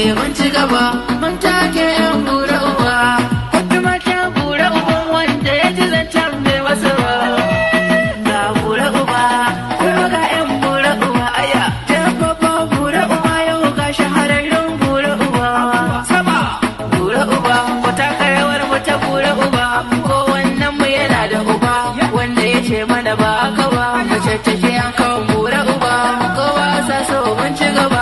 Eh, mun ci mun take yan gura uba, wadda mata gura wanda ya ji zancen ba. yan gura uba a. tabbaba gura uba yau shahararren mu ta ko wannan mu yana da uba, wanda ya ce mana ba haka ba, mu an kawo gura uba, kowa sa so mun ci gaba.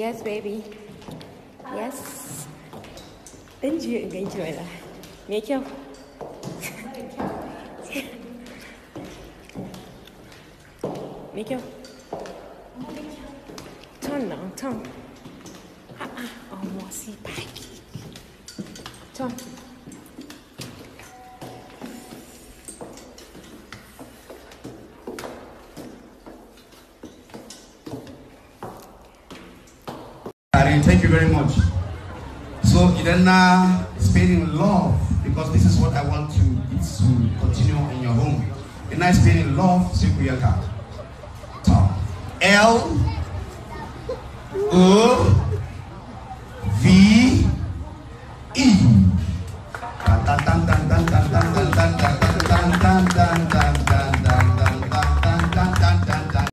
Yes, baby. Yes. Ɗan enjoy. in ganki mana. Me kyau. Me kyau. Turn now, turn. Ah, ah, almost oh, see, baby. Turn. and thank you very much. So then now in love because this is what I want to it to continue in your home. Idenna is in love Sikuyaka. L O V E.